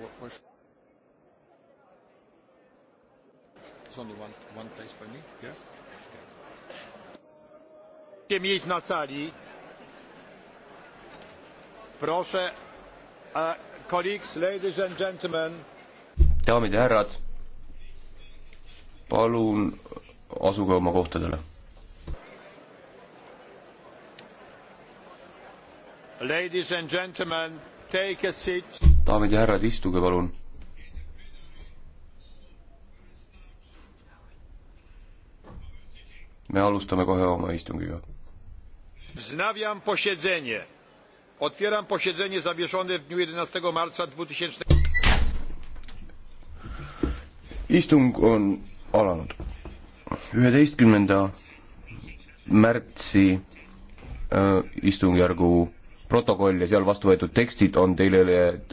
What, where should There's only one, one place for me. Yeah? Okay. miejsc na sali. Proszę, uh, colleagues, ladies and gentlemen. daamid ja härrad, palun asuge oma kohtadele. Ladies and gentlemen daamid ja härrad, istuge palun. me alustame kohe oma istungiga. Wznawiam posiedzenie. Otwieram posiedzenie zawieszone w dniu 11 marca 2000. Istung on alanud. 11. märtsi äh, istungjärgu protokoll ja seal vastu võetud tekstid on teile